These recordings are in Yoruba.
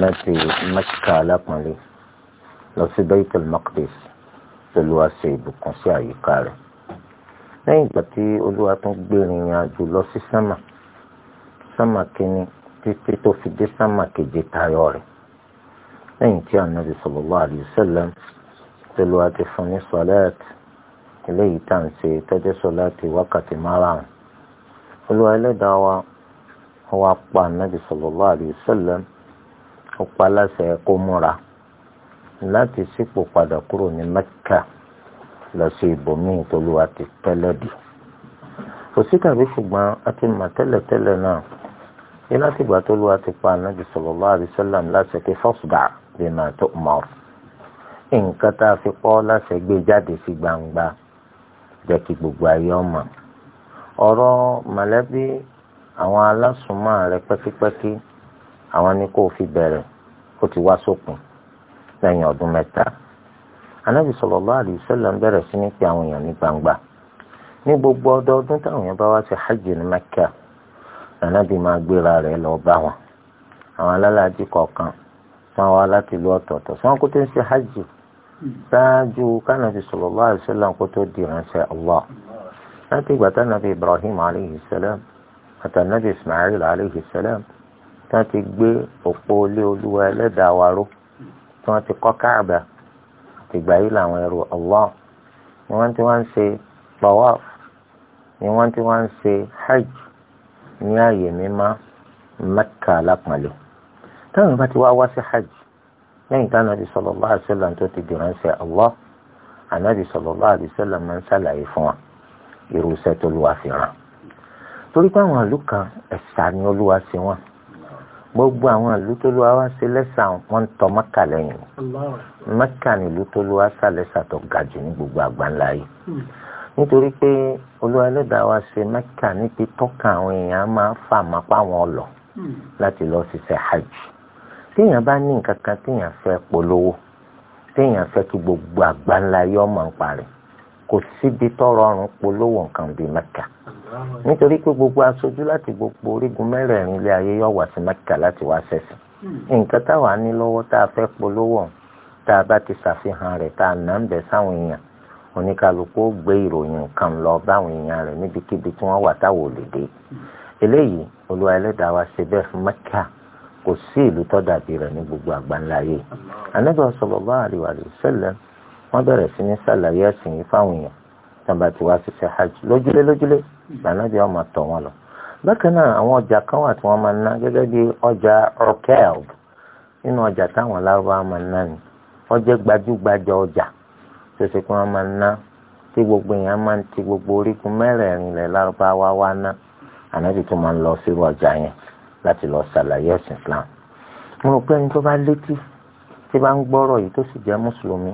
láti mẹ́ṣíkà alápọ̀nlé lọ sí Baitul Maqdis olúwa ṣe ìbùkún sí àyíká rẹ̀ lẹ́yìn ìgbà tí olúwa tún gbé ìrìn àjò lọ sí sámà sámà kínní títí tó fi dé sámà keje tayọ rẹ̀ lẹ́yìn tí ànábì sallallahu alaihi wasallam olúwa ti fún ní sọlẹ́ẹ̀tì eléyìí tá à ń ṣe tọ́jú sọlá ti wákàtí márùn-ún olúwa ẹlẹ́dàá wa wa pa ànábì sallallahu alaihi wasallam ó pa láṣẹ kó múra láti sípò padà kúrò ní mẹ́kà lọ sí ibòmíì tolúwa ti tẹ́lẹ̀ dì kò sí tàbí ṣùgbọ́n a ti mà tẹ́lẹ̀tẹ́lẹ̀ náà ní látìgbà tolúwa ti pa ànábì sallallahu alaihi wasallam láṣẹ pé fasda' bima tu'mar nǹkan tá a fi pọ́ láṣẹ gbé jáde sí gbangba jẹ́ kí gbogbo ayé ọmọ ọ̀rọ̀ mọ̀lẹ́bí àwọn alásùnmọ́ rẹ pẹ́kípẹ́kí àwọn ni kò fi bẹ̀rẹ̀ kó ti wá sópin lẹ́yìn ọdún mẹ́ta anábì sallallahu alaihi wasallam ń bẹ̀rẹ̀ sí ní pé àwọn èèyàn ní gbangba ní gbogbo ọdọọdún táwọn èèyàn bá wá sí hajj ní Mẹ́kà anábì máa gbéra rẹ̀ lọ bá wọn àwọn alálàájì kọ̀ọ̀kan táwọn wá láti ìlú ọ̀tọ̀ọ̀tọ̀ sí kó tó ń ṣe hajj ṣáájú kánàbì sallallahu alaihi wasallam kó tó di ìránṣẹ́ Allah láti ìgbà tánàbì Ibrahim alayhi salam àtànàbì Ismail alayhi salam tí wọ́n ti gbé òpó ilé olúwa ẹlẹ́dàá wa ró tí wọ́n ti kọ́ káàbà ìgbà yìí làwọn ẹrù Allah ni wọ́n ti wá ń ṣe tawaf ni wọ́n ti wá ń ṣe hajj ní ààyè mímá Mẹ́kà lápàlẹ́ táwọn bá ti wá wá sí hajj lẹ́yìn tí anabi sallallahu alaihi wasallam tó ti dìránṣẹ́ Allah anabi sallallahu alaihi wasallam máa ń ṣàlàyé fún wa irú iṣẹ́ tó lù wá fi ràn torí pé àwọn àlù kan ẹ̀sà ni olúwa ṣe wọ́n gbogbo àwọn àlù tó lùwà wá ṣe lẹ́sà wọn ń tọ mẹ́kà lẹ́yìn mẹ́kà ni ìlú tó lùwà ṣà lẹ́sà tó ga jù ní gbogbo àgbáńlá yìí nítorí pé olúwa ẹlẹ́dàá wa ṣe mẹ́kà ní pípọ́kà àwọn èèyàn máa fà máa pa àwọn ọlọ téèyàn bá ní nǹkan kan téèyàn fẹ́ polówó téèyàn fẹ́ kí gbogbo àgbáńlá yọ ọmọ ń parẹ́ kò síbi tọrọ ọrùn polówó nǹkan bíi mẹ́kà nítorí pé gbogbo aṣojú láti gbogbo orígun mẹ́rẹ̀ẹ̀rin ilé ayé yọ wá sí mẹ́kà láti wá ṣẹ̀sìn nǹkan táwa ní lọ́wọ́ tá a fẹ́ polówó tá a bá ti ṣàfihàn rẹ̀ tá a nà ń bẹ̀ sáwọn èèyàn oníkálukú ó gbé ìròyìn kan lọ báwọn èèyàn rẹ̀ níbikíbi tí wọ́n wà táwọn ò lè dé eléyìí olúwa ẹlẹ́dàá wa ṣe bẹ́ẹ̀ fún mẹ́kà kò sí ìlú tó dàbí rẹ̀ ní gbogbo àgbáńlá yìí Ànábì sallallahu alaihi wa sallam wọ́n bẹ̀rẹ̀ sí ní sàlàyé ẹ̀sìn yìí fáwọn èèyàn tàbí àti wá ṣiṣẹ́ hajj lójúlé lójúlé lànàbí ọmọ tọ̀ wọn lọ. bákan náà àwọn ọjà kan wà tí wọ́n máa ń ná gẹ́gẹ́ bí ọjà orkelb nínú ọjà táwọn lárúbá máa ń ná ni ó jẹ́ gbajúgbajà ọjà tó ṣe pé wọ́n máa ná tí gbogbo èèyàn máa ti gbogbo orígun mẹ́rẹ̀ẹ̀rin lẹ̀ lárúbá wá wá ná ànábì tó máa ń lọ sí ọjà yẹn láti lọ ṣàlàyé ẹ̀sìn Islam mo rò pé ẹni tó bá létí tí bá ń gbọ́rọ̀ yìí tó sì jẹ́ mùsùlùmí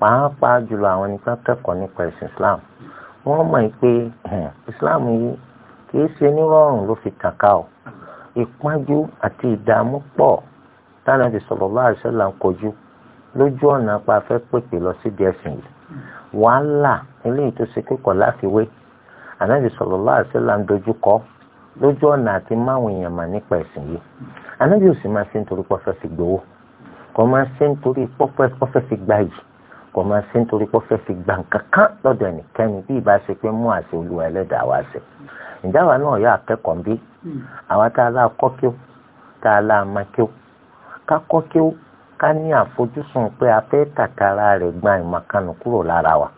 pàápàá jùlọ àwọn ẹni tó kẹ́kọ̀ọ́ nípa ẹ̀sìn Islam wọ́n mọ̀ pé Islam yìí kìí ṣe nírọ̀rùn ló fi kàkà o ìpọ́njú àti ìdààmú pọ̀ tánàbì sallallahu alaihi wasallam kojú lójú ọ̀nà apá fẹ́ pèpè lọ sí díẹ̀ sìn yìí wàhálà eléyìí tó ṣe kíkọ̀ láfiwé ànábì sallallahu alaihi wasallam dojú kọ lójú ọ̀nà àti máwọn èèyàn mà nípa ẹ̀sìn yìí anábì ò sì máa ṣe nítorí pọ́fẹ́ fi gbowó kò máa ṣe nítorí pọ́fẹ́ fi gba yìí kò máa ṣe nítorí pọ́fẹ́ fi gba nǹkan kan lọ́dọ̀ ẹnikẹ́ni bí ìbá ṣe pé mú àṣẹ olúwa ẹlẹ́dàá wa ṣe ǹjẹ́ àwa náà yọ akẹ́kọ̀ọ́ ń bí àwa tá a láà kọ́ kí ó tá a láà máa kí ó ká kọ́ kí ó ká ní àfojúsùn pé a fẹ́ tàkàrà rẹ̀ gba ìmọ̀kànnù kúrò lára wa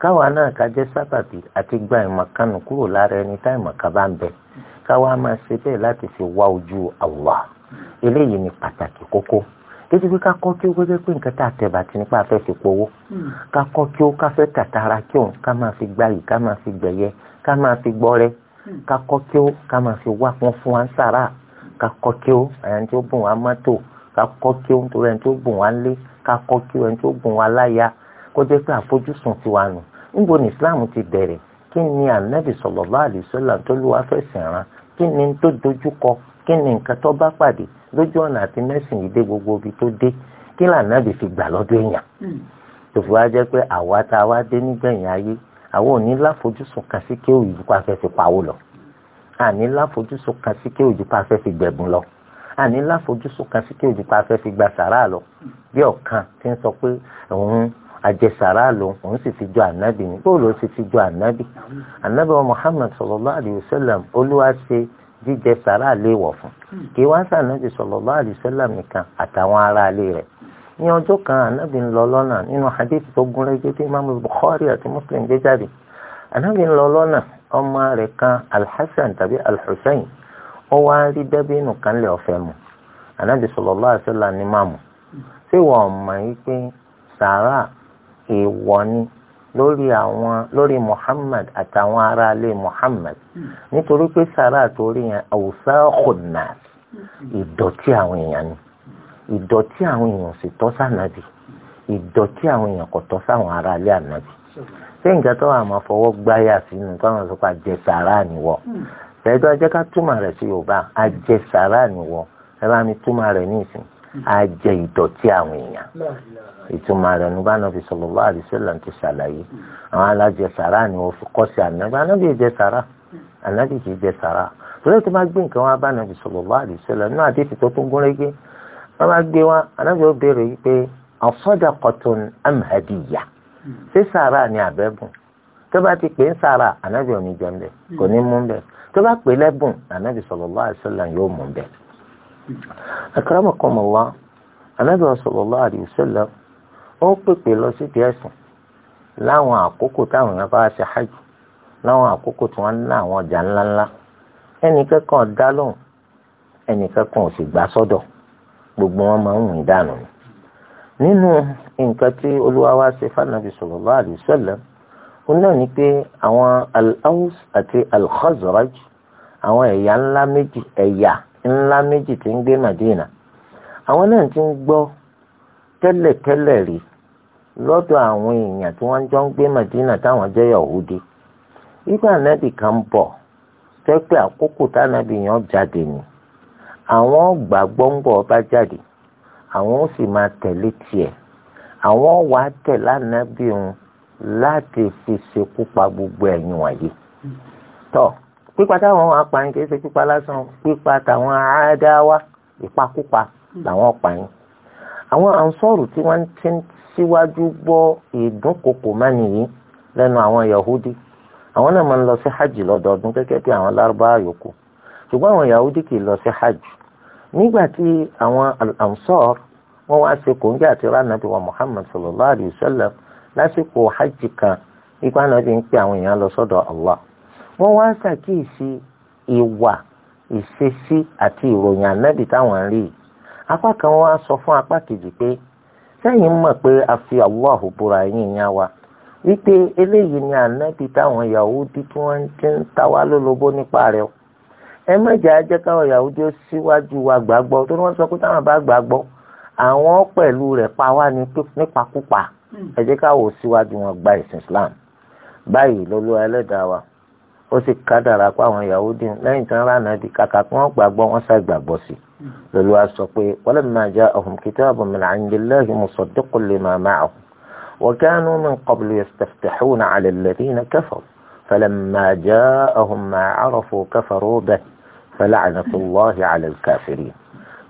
káwa náà ká jẹ́ sábàbí àti gba ìmọ̀kànnù kúrò lára ẹni tá ìmọ̀kà bá ń bẹ káwa máa ṣe bẹ́ẹ̀ láti fi wá ojú Allah eléyìí ni pàtàkì kókó kéde pé ká kọ́ kí ó gbẹ́gbẹ́ pé nǹkan tá a tẹ̀bà tí nípa afẹ́ fi powó hmm. ká kọ́ kí ó ká fẹ́ tàtàrà kí òun ká máa fi gbayì ká máa fi gbẹ̀yẹ ká máa fi gbọ́rẹ́ hmm. ká kọ́ kí ó ká máa fi wá pọ́n fún wa ń sàrà ká kọ́ kí ó ẹni tó bùn wá mọ́tò ká kọ́ kí ó nítorí ẹni tó bùn wá lé ká kọ́ kí ó ẹni tó bùn wá láyà kó jẹ́ pé àfojúsùn ti wà nù níbo ni Islam ti bẹ̀rẹ̀ kí ni ànábì sallallahu alaihi wasallam tó lù wá fẹsẹ̀ rán kí ni tó dojúkọ kí ni nǹkan tó bá pàdé lójú ọ̀nà àti mẹ́sìn yìí dé gbogbo ibi tó dé kí lànàbì fi gbà lọ́dọ̀ èèyàn hmm. tòfù wá jẹ́ pé àwa tá a wá dé nígbẹ̀yìn ayé àwọn ò ní láfojúsùn kan sí kéwù yìí pa fẹ́ fi pawó lọ àní láfojúsùn kan sí kéwù yìí pa fẹ́ fi gbẹ̀bùn lọ àní láfojúsùn kan sí kéwù yìí pa fẹ́ fi gba sàrà lọ bí ọ̀kan ti ń sọ pé òun àjẹsára ló ń sì fi jọ ànábì ní bóòlù ó sì fi jọ ànábì ànábì wa muhammad sallallahu alayhi wa sallam olúwa ṣe jíjẹ sàrà léèwọ̀ fún kí wá sí ànábì sallallahu alayhi wa sallam nìkan àtàwọn ará ilé rẹ̀ ní ọjọ́ kan ànábì ń lọ lọ́nà nínú hadith tó gún régé tí imam bukhari àti muslim gbé jáde ànábì ń lọ lọ́nà ọmọ rẹ̀ kan alhassan tàbí alhussein ó wá rí dàbínù kan lè ọ̀fẹ́ mu ànábì sallallahu alayhi wa máàmù ṣé wọ́n mọ̀ yí pé sàrà èèwọ̀ ni lórí àwọn lórí Muhammad àtàwọn aráalé Muhammad hmm. nítorí pé sàrà àtòrí yẹn àwùsá ọ̀nà hmm. ìdọ̀tí àwọn èèyàn ni ìdọ̀tí àwọn èèyàn sì tọ́ sànàbì ìdọ̀tí àwọn èèyàn kò tọ́ sáwọn aráalé ànàbì ṣé nǹkan tó wà máa fọwọ́ gbáyà sínú táwọn sọ́kà jẹ sàrà nìwọ hmm. ẹjọ́ ajẹ́ ká túmọ̀ rẹ̀ sí Yorùbá ajẹ nìwọ ẹ bá mi túmọ̀ rẹ̀ ní ìsìn ajẹ ìdọ̀tí àwọn èèyàn ìtumọ̀ rẹ̀ nígbà náà fi sallallahu alaihi wasallam ti ṣàlàyé àwọn alájẹsàrà ni wọ́n fi kọ́ sí ànábì ànábì ìjẹsàrà ànábì kì í jẹsàrà torí tó bá gbé nǹkan wá bá ànábì sallallahu alaihi wasallam náà àdéhùn tó gúnrégé wọ́n bá gbé wá ànábì ó béèrè pé as-sadaqatun am ṣé sàrà ni àbẹ́bùn tó bá ti pè ń sàrà ànábì ò ní jẹun bẹ́ẹ̀ kò ní mú bẹ́ẹ̀ tó ó pèpè lọ sídìí ẹ̀sìn láwọn àkókò táwọn èèyàn bá ṣe hajj láwọn àkókò tí wọ́n ń ná àwọn ọjà ńláńlá ẹnìkẹ́kọ̀ọ́ dá lóhùn ẹnìkẹ́kọ̀ọ́ ò sì gbà sọ́dọ̀ gbogbo wọn máa ń wùn dànù ni. nínú nǹkan tí olúwa wa ṣe fànàbí sallallahu alaihi wasallam ó náà ní pé àwọn al-Aws àti al-Khazraj àwọn ẹ̀yà ńlá méjì ẹ̀yà ńlá méjì tí ń gbé Madina àwọn náà ti ń gbọ́ tẹ́lẹ̀tẹ́lẹ̀ rí lọ́dọ̀ àwọn èèyàn tí wọ́n jọ ń gbé Madina táwọn jẹ́ Yahudi ibà nàbì kan bọ̀ jẹ́ pé àkókò tánàbì yẹn jáde ni àwọn gbàgbọ́ ń ọba jáde àwọn ó sì máa tẹ̀lé tiẹ̀ àwọn wàá tẹ̀ lánàbì òun láti fi ṣekú pa gbogbo ẹ̀yìn wọ̀nyí tọ́ pípa táwọn apààyàn kì í ṣe pípa lásán pípa táwọn àádáwá ìpakúpa làwọn apààyàn àwọn ansọ́rù tí wọ́n ti ń síwájú gbọ́ ìdúnkokò mání yìí lẹ́nu àwọn yahudi àwọn náà máa ń lọ sí hajj lọ́dọọdún gẹ́gẹ́ bí àwọn lárúbáwá yòókù ṣùgbọ́n àwọn yahudi kì í lọ sí hajj nígbà tí àwọn ansọ́r wọ́n wá ṣe kòńgẹ́ àti ránàbí wa muhammad sallallahu alayhi wa sallam lásìkò hajj kan ipa náà ti ń pè àwọn èèyàn lọ sọ́dọ̀ allah wọ́n wá ṣàkíyèsí ìwà ìṣesí àti ìròyìn ànábì táwọn ń rí yìí apá kan wá sọ fún apá kejì pé sẹ́yìn mọ̀ pé a fi Allahu búra yín yá wa wípé eléyìí ni ànábì táwọn Yahudi tí wọ́n ti ń ta wá lólobó nípa rẹ̀ o ẹ mẹ́jẹ̀ ajẹ́ káwọn Yahudi ó síwájú wa gbàgbọ́ tó ní wọ́n sọ pé táwọn bá gbàgbọ́ àwọn pẹ̀lú rẹ̀ pa wá nípakúpa hmm. ẹ jẹ́ káwọn ó síwájú wọn gba ìsìn Islam báyìí lọ́lọ́ ẹlẹ́dàá wa ó sì kádàrà pa àwọn Yahudi lẹ́yìn tí wọ́n rà nàbì kàkà kí wọ́n gbàgbọ́ wọ́n ṣàgbàgbọ́ sí i lọ́lọ́ wa sọ pé walamma ja'ahum kitabun min 'indillahi musaddiqun lima ma'ahum wa kanu min qablu yastaftihuna 'ala alladhina kafaru falamma ja'ahum ma 'arafu kafaru bihi fala'natullahi 'ala al-kafirin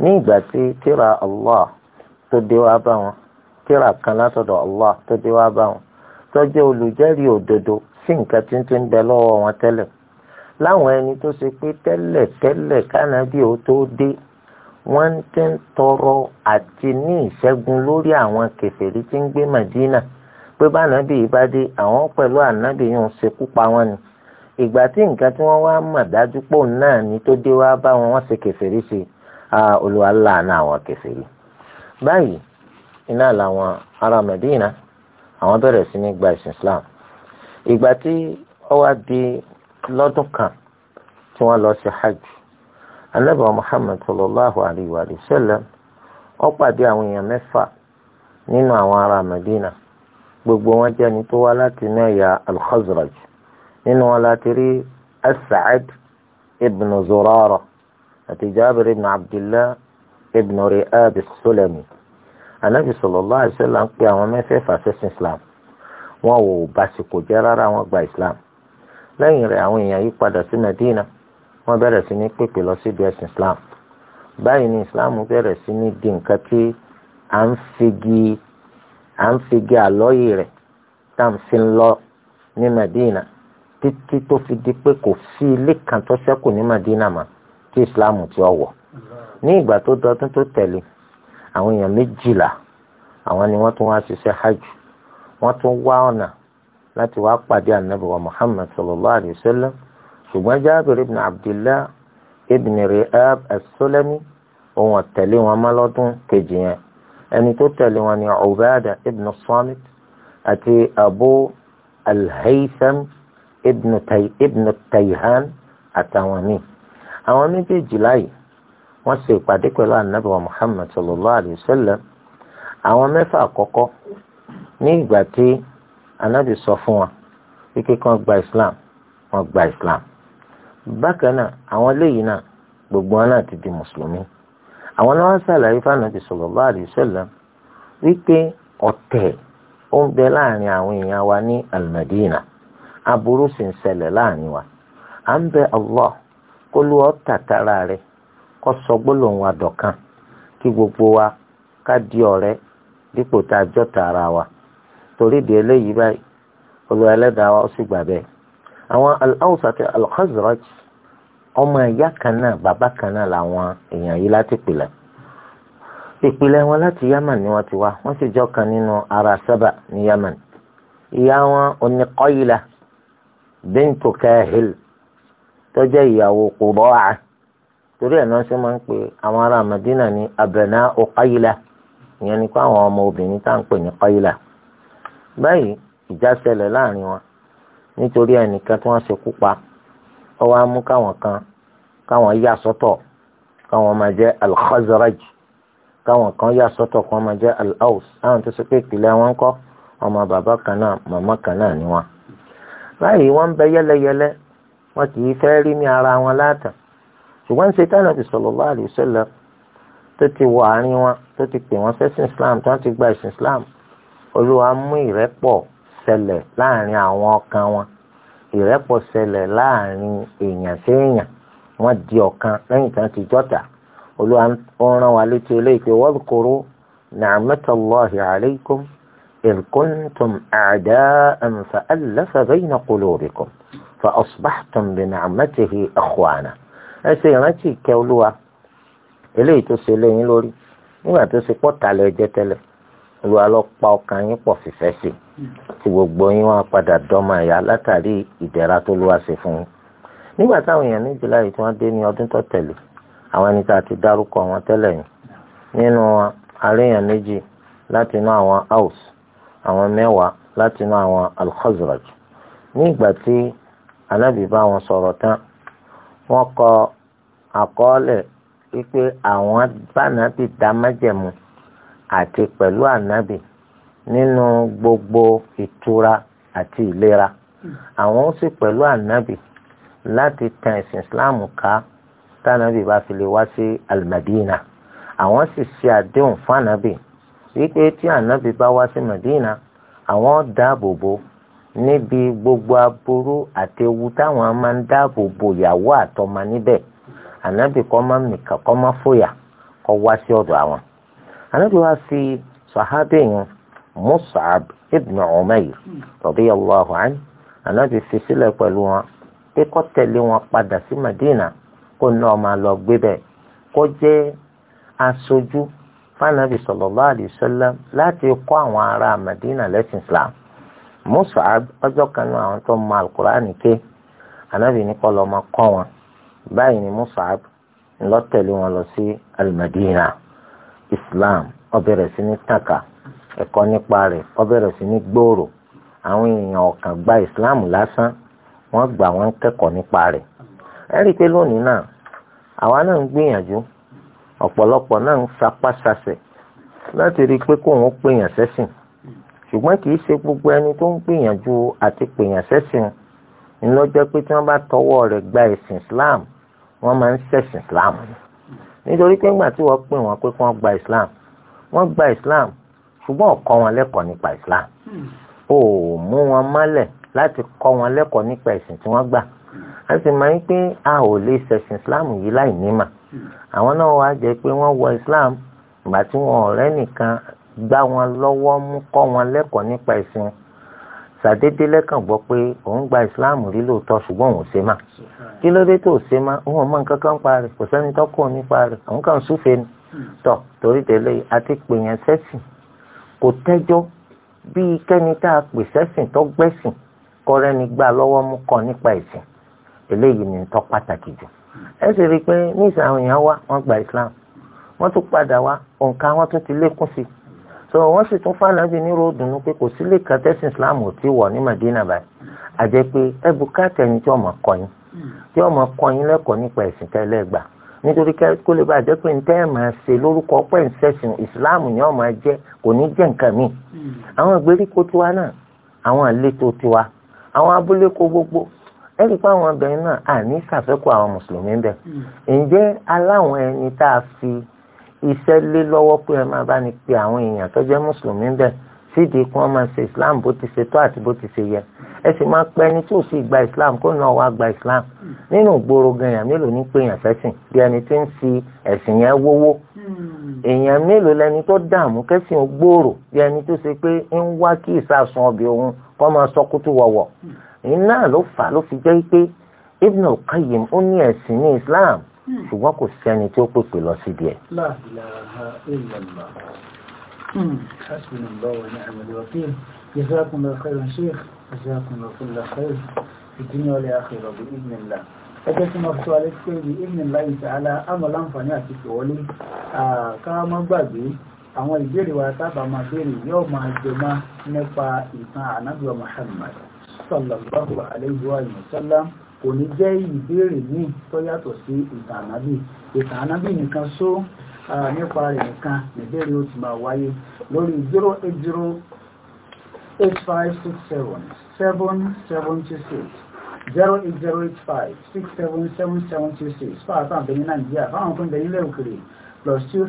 ní ìgbà tí tíra Allah tó dé wá sí nǹkan tí ń ti ń bẹ lọ́wọ́ wọn tẹ́lẹ̀ láwọn ẹni tó ṣe pé tẹ́lẹ̀ tẹ́lẹ̀ kánábì ó tó dé wọ́n ti ń tọrọ àti ní ìṣẹ́gun lórí àwọn kèfèrí tí ń gbé Màdínà pé bánábì yìí bá dé àwọn pẹ̀lú ànábì yìí ń ṣekú pa wọ́n ni ìgbà tí nǹkan tí wọ́n wá mọ̀ dájú pò náà ni tó dé wá bá wọn wọ́n ṣe kèfèrí ṣe Olúwa láàánú àwọn kèfèrí báyìí iná làwọn ará Màdínà àwọn bẹ̀rẹ̀ sí ní gba ìsìn Islam ìgbà tí ó wá di lọ́dún kan tí wọ́n lọ sí hajj Ànábì Muhammad sallallahu alayhi wa sallam ó pàdé àwọn èèyàn mẹ́fà nínú àwọn ará Madina gbogbo wọn jẹ́ ẹni tó wá láti inú ẹ̀yà al-Khazraj nínú wọn láti rí as-Sa'd ibn Zurara àti Jabir ibn Abdullah ibn Ri'ab as-Sulami sallallahu alayhi wa sallam ń pe àwọn mẹ́fẹ̀ẹ̀fà sẹ́sìn Islam. wọn ò bàṣìkò jẹ́ rárá wọn gba islam lẹ́yìn re àwọn èèyàn yí padà sí medina wọ́n bẹ̀rẹ̀ sí ní pèpè lọ síbi islam báyìí ni islam bere sí ní di nǹkan tí à ń figi à ń figi àlọ́yè rẹ̀ tá à ń fi lọ ní medina títí tó fi di pé kò sí ilé kan tó ṣẹ́kù ní medina mọ́ tí islam ti ọ̀wọ̀ ní ìgbà tó dọdún tó tẹ̀lé àwọn èèyàn méjìlá àwọn ni wọ́n tún wá ṣiṣẹ́ hajj wọ́n tún wá ọ̀nà láti wá pàdé ànábì wa muhammad sallallahu alayhi wa sallam ṣùgbọ́n jábìrì ibn abdullah ibn ri'ab as-sulami òun ọ̀tẹ̀lé wọn má lọ́dún kejì yẹn ẹni tó tẹ̀lé wọn ni ubada ibn samit àti abu alhaytham ibn tayhan àtàwọn míì àwọn méjèèjì láyìí wọ́n ṣe ìpàdé pẹ̀lú ànábì wa muhammad sallallahu àwọn mẹ́fà àkọ́kọ́ ní ìgbà tí anábì sọ fún wa wípé gba islam wọ́n gba islam bákan náà àwọn eléyìí náà gbogbo wọn náà ti di mùsùlùmí àwọn náà wọ́n ṣàlàyé fànàbì sallallahu alaihi wasallam wípé ọ̀tẹ̀ ó ń bẹ láàrin àwọn èèyàn wa ní almadina aburú sì ń ṣẹlẹ̀ láàrin wa à ń bẹ Allah kó ló ọ tara rẹ̀ kó sọ gbólóhùn wa kí gbogbo wa ká di ọ̀rẹ́ dípò tá a jọ wa. torí di eléyìí báyìí olùwà ẹlẹ́dàá wa ó sì gbà bẹ́ẹ̀. àwọn al-Aws àti al-Khazraj ọmọ ìyá kan náà bàbá kan náà làwọn èèyàn yìí láti pìlẹ̀. ìpìlẹ̀ wọn láti Yemen ni wọ́n ti wá wọ́n sì jọ kan nínú ara Saba ní Yemen. ìyá wọn oní Qayla bintu Kahil tó jẹ́ ìyàwó Qudaa torí ẹ̀ náà ṣe máa ń pe àwọn ará Madina ní abẹ̀nà Qayla ìyẹn ni pé àwọn ọmọ obìnrin tá à ń pè ní Qayla báyìí ìjà ṣẹlẹ̀ láàrin wọn nítorí ẹnìkan tí wọ́n ṣekú pa ó wá mú káwọn kan káwọn yà sọ́tọ̀ káwọn máa jẹ́ al-Khazraj káwọn kan yà sọ́tọ̀ kí wọ́n máa jẹ́ al-Aws àwọn tó ṣe pé ìpìlẹ̀ wọn kọ́ ọmọ bàbá kan náà màmá kan náà ni wọn. báyìí wọ́n ń bẹ yẹ́lẹ́yẹ́lẹ́ wọn kì í fẹ́ rí ní ara wọn látàn ṣùgbọ́n ṣe tánà bí sallallahu alaihi wasallam tó ti wọ àárín wọn tó ti pè wọ́n sẹ́sìn Islam tó ti gba ìsìn Islam olúwa mú ìrẹ́pọ̀ ṣẹlẹ̀ láàrin àwọn ọkàn wọn ìrẹ́pọ̀ ṣẹlẹ̀ láàrin èèyàn sí èèyàn wọ́n di ọ̀kan lẹ́yìn tí wọ́n ti jọ́ta olúwa ń rán wa létí eléyìí pé wadhkuru ni'matallahi alaykum idh kuntum a'da'an fa'alafa bayna qulubikum fa'asbahtum bi ni'matihi ikhwana ẹ ṣe ìrántí ìkẹ́ olúwa eléyìí tó ṣe lẹ́yìn lórí nígbà tó ṣe pọ́ta lẹ́jẹ́ tẹ́lẹ̀ olùwà lọ pa ọkàn yín pọ̀ fìfẹ́ sí tí gbogbo yín wá padà dọ́mọ ẹ̀yà látàrí ìdẹ̀ra tó ló wá ṣe fún yín. nígbà táwọn èèyàn méjìlá yìí tí wọ́n dé ní ọdún tó tẹ̀lé àwọn ẹni tá a ti dárúkọ wọn tẹ́lẹ̀ yìí nínú wọn aléèyàn méjì láti inú àwọn Aws àwọn mẹ́wàá láti inú àwọn Al-Khazraj ní ìgbà tí anábì bá wọn sọ̀rọ̀ tán wọ́n kọ àkọọ́lẹ̀ wípé àwọn bánà ti dá májẹ̀mú àti pẹ̀lú ànábì nínú gbogbo ìtura àti ìlera àwọn ó sì pẹ̀lú ànábì láti tan ẹ̀sìn islam ká tànábì bá fi lè wá sí almadina àwọn sì ṣe àdéhùn fún ànábì wípé tí ànábì bá wá sí madina àwọn dáàbò bò níbi gbogbo aburú àti ewu táwọn máa ń dáàbò bò ìyàwó àtọmọ níbẹ̀ ànábì kọ́ máa mìkà kọ́ máa fòyà kọ́ wá sí ọ̀dọ̀ àwọn anábì wa fi sàhábẹ́ yẹn Mus'ab ibn Umair radiyallahu anhu anábì fi sílẹ̀ pẹ̀lú wọn pé kó tẹ̀lé wọn padà sí Madina kó náà máa lọ gbé bẹ́ẹ̀ kó jẹ́ aṣojú fanabi sallallahu alayhi wa sallam láti kọ́ àwọn ará Madina lẹ́sìn Islam Mus'ab ọjọ́ kan náà àwọn tó mọ alukur'ani ké anábì ní lọ máa kọ́ wọn báyìí ni Mus'ab ńlọ tẹ̀lé wọn lọ sí al Islam ó bẹ̀rẹ̀ sí ní tàkà ẹ̀kọ́ nípa rẹ̀ ó bẹ̀rẹ̀ sí ní gbòòrò àwọn èèyàn ọ̀kan gba Islam lásán wọ́n gbà wọ́n kẹ́kọ̀ọ́ nípa rẹ̀ ẹ rí i pé lónìí náà àwa náà ń gbìyànjú ọ̀pọ̀lọpọ̀ náà ń sapá sasẹ̀ láti rí i pé kóun ó pèèyàn sẹ́sìn ṣùgbọ́n kì í ṣe gbogbo ẹni tó ń gbìyànjú àti pèèyàn sẹ́sìn ńlọ́jọ́ pé tí wọ́n bá tọwọ́ rẹ̀ gba ẹ̀sìn Islam wọ́n máa ń ṣẹ̀sìn Islam ni nítorí pé ńgbà tí wọ́n pè wọ́n pé kí wọ́n gba islam wọ́n gba islam ṣùgbọ́n ọ̀kọ́ wọn lẹ́kọ̀ọ́ nípa islam ò hmm. mú wọn mọ́lẹ̀ láti kọ́ wọn lẹ́kọ̀ọ́ nípa ẹ̀sìn tí wọ́n gbà a sì máa ń pé a ò lè ṣẹ̀sìn islam yìí láì nímà hmm. àwọn náà wá jẹ́ pé wọ́n wọ islam ìgbà tí wọn ọ̀rẹ́ nìkan gbá wọn lọ́wọ́ mú kọ́ wọn lẹ́kọ̀ọ́ nípa ẹ̀sìn sàdédé lẹ́kàn gbọ́ pé òun gba islam rí lóòótọ́ ṣùgbọ́n òun ṣe mà kí ló dé tó ṣe má òun ọmọ nǹkan kan pa rẹ̀ kò sẹ́ni tọ́kọ̀ nípa rẹ̀ òun kàn súfe ni tọ̀ torí tẹ̀lé àti pèèyàn sẹ́sìn kò tẹ́jọ́ bíi kẹ́ni tá a pè sẹ́sìn tó gbẹ̀sìn kọ́rẹ́ni gbà lọ́wọ́ mú kàn nípa ìsìn eléyìí ni tọ́ pàtàkì jù ẹ sì rí i pé ní ìsìn àwọn èèyàn wá wọ́n gba Islam wọ́n tún padà wá òǹkà wọ́n tún ti lékún sí i so wọ́n sì tún fànàbí ní ròdùnú pé kò sílé kan tẹ́sìn Islam ò tí wọ̀ ní Madina báyìí àjẹ́ pé ẹ bùkátà ẹni tí ọmọ kọ́ tí ọmọ kọ́ yín lẹ́kọ̀ọ́ nípa ẹ̀sìn tẹ́lẹ̀ gbà nítorí kó lè bàjẹ́ pé ń tẹ́ ẹ̀ máa ṣe lórúkọ pẹ́ ń ṣẹ̀sìn ìsìláàmù ni ọmọ jẹ́ kò ní jẹ́ nǹkan míì àwọn ìgbèríko tiwa náà àwọn àlétò tiwa àwọn abúlé kó gbogbo ẹ rí i pé àwọn obìnrin náà àní ṣàfẹ́kù àwọn mùsùlùmí ń bẹ ǹjẹ́ aláwọn ẹni tá a fi iṣẹ́ lé lọ́wọ́ pé ẹ máa bá ní pe àwọn èèyàn tó jẹ́ mùsùlùmí ń sídìí kí wọ́n máa ṣe islam bó ti ṣe tó àti bó ti ṣe yẹ ẹ sì máa pẹ́ ẹni tí ò sì gba islam kó náà wá gba islam nínú ìgboro gan èèyàn mélòó ní pé èèyàn sẹ́sìn bí ẹni tí ń fi ẹ̀sìn yẹn wówó èèyàn mélòó lẹni tó dààmú kẹ́sìn ògbòòrò bí ẹni tó ṣe pé ń wá kí ìsàsùn ọbẹ̀ òun kó máa sọkútù wọ̀wọ̀ iná ló fà ló fi jẹ́ pé Ibn al-Qayyim ó ní ẹ̀sìn ní islam ṣùgbọ́n kò sẹ́ni tí ó pèpè lọ síbi ẹ̀. láàbìlà جزاكم الله خيرا شيخ جزاكم الله كل خير في الدنيا والآخرة بإذن الله ẹgbẹ́ tí mo sọ alẹ́ pé bí ìmìnláyìn tààlà amọ̀láǹfààní àti ìwọlé káàmọ́ gbàgbé àwọn ìbéèrè wa sábà máa béèrè yóò máa jẹmá nípa ìtàn ànábìwà Muhammad sallallahu alayhi wa sallam kò ní jẹ́ ìbéèrè ní tó yàtọ̀ sí ìtàn ànábì ìtàn ànábì nìkan só nípa rẹ̀ nìkan ìbéèrè ó ti máa wáyé lórí five five six six seven seven zero zero eight 8567 seven 08085 677726 fún àwọn àbẹ̀yìn nàìjíríà fáwọn tó ń bẹ nílẹ̀ òkèrè plus two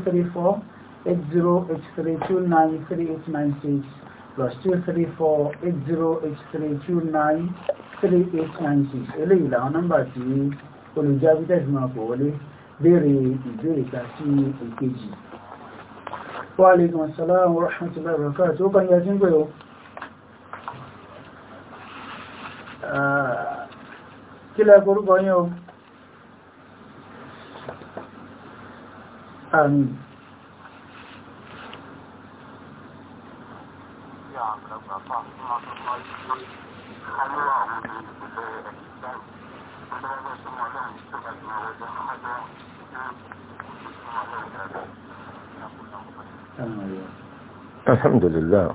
two three three three four zero nine eight nine six plus two three four zero 234 8083293896 eléyìí làwọn nọ́mbà tí olùjábí tẹ̀sí máa pọ̀ wọlé béèrè ìbéèrè ká sí èkejì. Wa alaikum assalam wa rahmatullahi wa barakatuh. Ó kàn yẹ sí ń pè ó. Ah, kílẹ̀ korúkọ yín o àmì Alhamdulillah,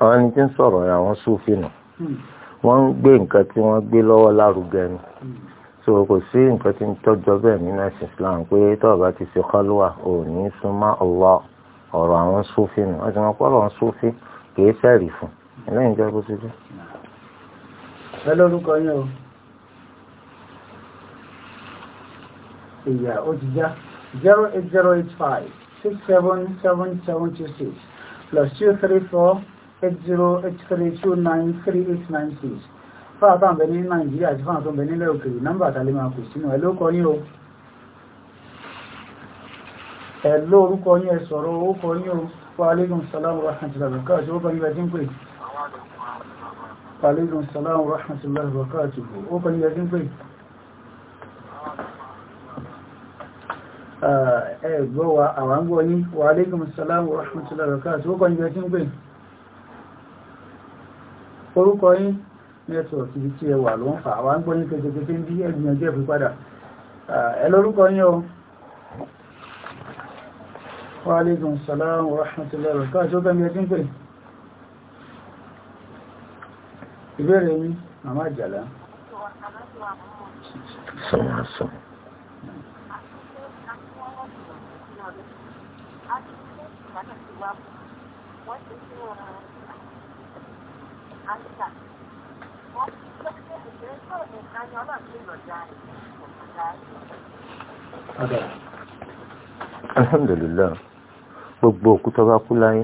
àwọn ẹni tí ń sọ̀rọ̀ àwọn súnfínà wọ́n ń gbé nǹkan tí wọ́n gbé lọ́wọ́ lárugẹ ni so kò sí nǹkan tí ń tọ́jọ́ bẹ́ẹ̀ nínú ẹ̀sìn Islam pé tọ́ọ̀bá ti ṣe kọ́lùwà ò ní súnmọ́ Allah ọ̀rọ̀ àwọn sófin nù wọ́n ti mọ̀ pọ́lọ̀ ń sófin kìí sẹ́rì fún ẹlẹ́yìn jẹ́ kó síjú. ẹ lórúkọ yẹn o ìyá ó ti já zero eight zero eight five six seven seven seven two six plus two three four. 8083293896 fáwọn tó ń bẹ ní nàìjíríà àti fáwọn tó ń bẹ nílẹ̀ òkèrè nọ́mbà àtàlẹ́ máa kò sínú ẹ̀ ló kọ yín o ẹ̀ ló orúkọ yín ẹ̀ sọ̀rọ̀ orúkọ yín o wa alaikum salam wa rahmatullahi wa barakatuh orúkọ yín ẹ̀ tí ń pè wa alaikum ń pè tí ń pè orúkọ yín network ibi tí ẹ wà ló ń fà wá ń gbọ́ yín kẹtẹkẹtẹ ń bí ẹgbìyànjú ẹ̀fí padà ẹ lórúkọ o wa alaikum salam wa rahmatullahi wa barakatuh tó bẹ́mi ẹdín pè ìbéèrè yín màmá àjàlá àṣà wọ́n pẹ́ pé ìgbésọ̀ nìkan ni ọlọ́run lè lọ́jà rẹ̀ alhamdulilayi gbogbo òkú tó bá kú láyé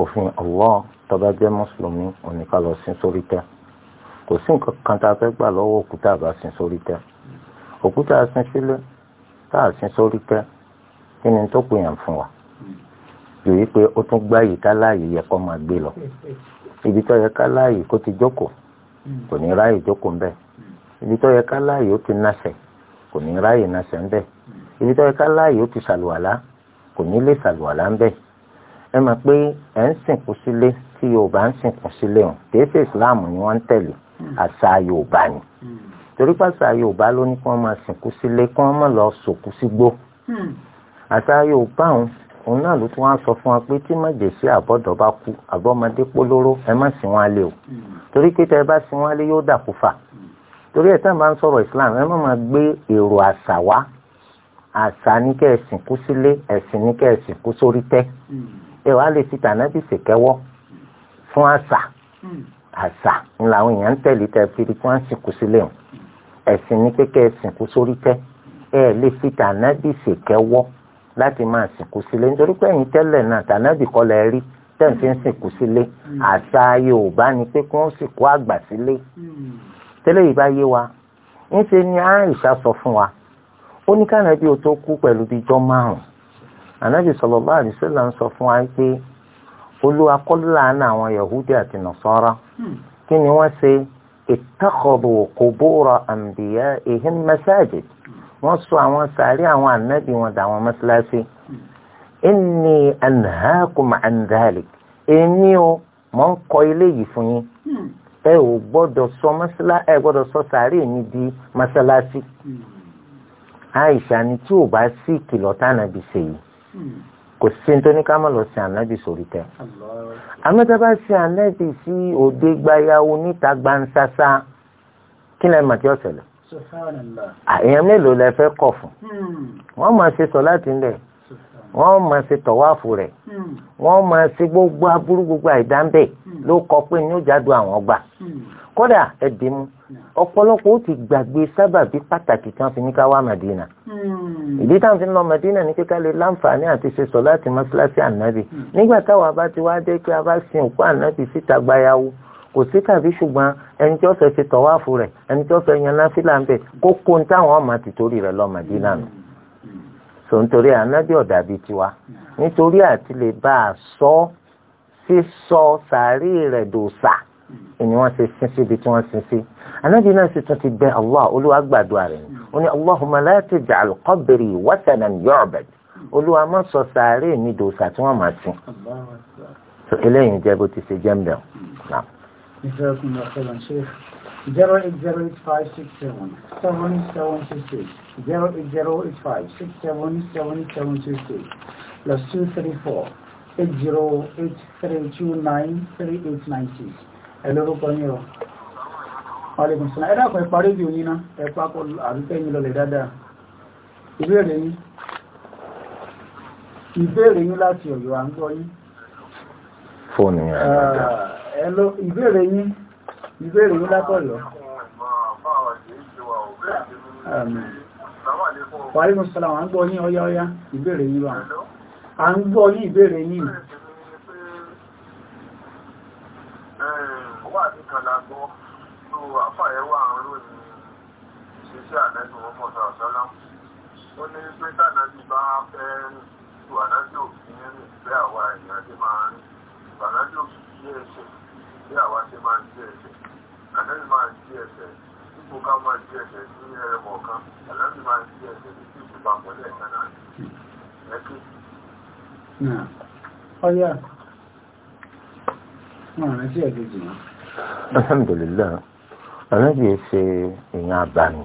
òfin Allah tó bá jẹ́ mùsùlùmí oníkà lọ sin sórí tẹ́ kò sí nǹkan kan tá a fẹ́ gbà lọ́wọ́ òkú tá a bá sin sórí tẹ́ òkú tá a sin sílé tá a sórí tẹ́ kí ni tó pè yàn fún wa yòó pé ó tún gbá yìí ká láàyè yẹ kó máa gbé lọ ibi tó yẹ ká láàyè kó ti jókòó mm. kò ní ráyè jókòó ń bẹ ibi tó yẹ ká láàyè ó ti nàṣẹ kò ní ráyè nàṣẹ ń mm. ibi tó yẹ ká láàyè ó ti ṣàlùwàlá kò ní lè ṣàlùwàlá ń ẹ mọ̀ pé ẹ̀ ń sìnkú sílé tí yorùbá ń sìnkú sílé hàn kìí ṣe ni wọ́n ń tẹ̀lé mm. àṣà yorùbá ni torí pàṣà yorùbá ló ní kí wọ́n máa sìnkú sílé kí wọ́n má lọ sòkú sígbó àṣà yorùbá òun òun náà ló tún wá sọ fún wa pé tí májèṣí àbọ̀dọ̀ bá kú àbọ̀mọdé polówó ẹ má sìn wọn lé o torí pé tẹ bá sìn wọn lé yóò dàkú fà torí ẹ̀ tán bá ń sọ̀rọ̀ Islam ẹ má máa gbé èrò àṣà wá àṣà ní kẹ́ ẹ sìnkú sílé ẹ̀sìn ni kẹ́ ẹ sìnkú sórí tẹ́ ẹ wàá lè fi tànàbì ṣèkẹ́wọ́ fún àṣà àṣà ń làwọn èèyàn ń tẹ̀lé tẹ fi rí kí wọ́n sìnkú sílé ẹ̀sìn ní kẹ́ ẹ sìnkú sórí tẹ́ ẹ lè fi tànàbì ṣèkẹ́wọ́ láti máa sìnkú sílé nítorí pé ẹ̀yin tẹ́lẹ̀ náà tànàbì kọ́lẹ̀ rí tẹ̀sí ń sìnkú sílé hmm. àṣà Yorùbá ni pé kí wọ́n sìnkú àgbà sílé hmm. tẹ́lẹ̀ yìí bá yé wa ńṣe ni Àìṣà sọ fún wa ó ní kánàbí o tó kú pẹ̀lú bíjọ́ márùn-ún ànábì sallallahu alaihi wasallam ń sọ fún wa pé olúwa kọ́lá náà àwọn Yahudi àti Nasara hmm. kí ni wọ́n ṣe ittakhadhu qubura anbiya'ihim masajid wọ́n sọ àwọn sàárì àwọn ànábì wọn dà wọn mọ́sálásí inni anhaakum an dhalik èmi o mọ̀ ń kọ ilé yìí fún yín hmm. ẹ ò gbọ́dọ̀ sọ mọ́sálásí ẹ gbọ́dọ̀ sọ sàárì mi di mọ́sálásí Àìṣà hmm. ni tí ò bá sí ìkìlọ̀ tánàbì ṣe yìí hmm. kò sí nítorí ká má lọ sí ànábì sórí tẹ àmọ́ bá sí ànábì sí òde gbayawo níta gbansasa kí lẹ́yìn màtí ọ̀sẹ̀ lọ. Ah, èèyàn mélòó lẹ fẹ́ kọ̀ fún hmm. wọ́n máa ṣe sọ láti ń bẹ̀ wọ́n máa ṣe tọ̀wáàfù rẹ̀ hmm. wọ́n máa ṣe gbogbo aburú gbogbo àìdáńbẹ̀ hmm. ló kọ pé ní ó jáde àwọn gbà kódà ẹ̀dínmú ọ̀pọ̀lọpọ̀ ó ti gbàgbé sábàbí pàtàkì tí wọ́n fi ní ká wá Madina ìdí táwọn fi ń lọ Madina ní kíkà lè láǹfààní àti ṣe sọ láti mọ́ṣáláṣí ànábì nígbà táwa bá ti wá dé pé a bá sin òkú ànábì síta gbayawo kò sí tàbí ṣùgbọ́n ẹni tí ó fẹ́ ṣe tọ́wáfù rẹ̀ ẹni tí ó fẹ́ yan náfìlà ń bẹ̀ kókó ń táwọn ọmọ ti torí rẹ̀ lọ Mádínà nù so nítorí ànábì ọ̀dà bíi tiwa nítorí àti lè bá a sọ sísọ sàárì rẹ̀ dòòṣà ni wọ́n ṣe sin síbi tí wọ́n sin sí ànábì náà sì tún ti bẹ Allah olúwa gbàdúrà rẹ̀ ó ní Allahumma la taj'al qabri watanan yu'bad olúwa má sọ sàárè mi dòòṣà tí wọ́n máa sìn eléyìí jẹ́ bó ti ṣe jẹ́ mbẹ́ o. جزاكم الله خيرا شيخ 08085677766 08085677766 plus 234 8083293896 ẹlórúkọ ní ọ ọlẹ́gùn sọ́nà ẹ̀dàkùn ẹ̀pà rédíò yína ẹ̀pà kọ àrùkẹ́ yìí lọlẹ̀ dáadáa ìbéèrè yín ìbéèrè yín láti ọ̀yọ́ à ń gbọ́ yín fóònù yẹn àgbàdà. Ah, ẹ̀lọ ìbéèrè yín ìbéèrè yín lákọ̀lọ́. wàhálì mùsùlùmí àwọn àgbọ̀ yín ọyá ọyá ìbéèrè yín wà à ń gbọ́ yín ìbéèrè yín. wà ní pé tànàbí bá fẹ́ tó àdájọ́ òfin nínú ìfẹ́ àwọn èèyàn máa ń bànájì òsì sí ẹ̀ṣẹ̀ bí àwa ṣe máa ń jẹ ẹ̀ṣẹ̀ ànábì máa ń jẹ ẹ̀ṣẹ̀ dípò ká máa jẹ ẹ̀ṣẹ̀ sí ẹ̀rẹ̀mọ̀ kan ànábì máa ń jẹ ẹ̀ṣẹ̀ sí ìlú papọ̀ lẹ́ẹ̀kan náà ẹ̀kí. ọyá wọn rántí ẹ̀kejì náà. alhamdulilayi ànábì ẹ ṣe èèyàn àbàmì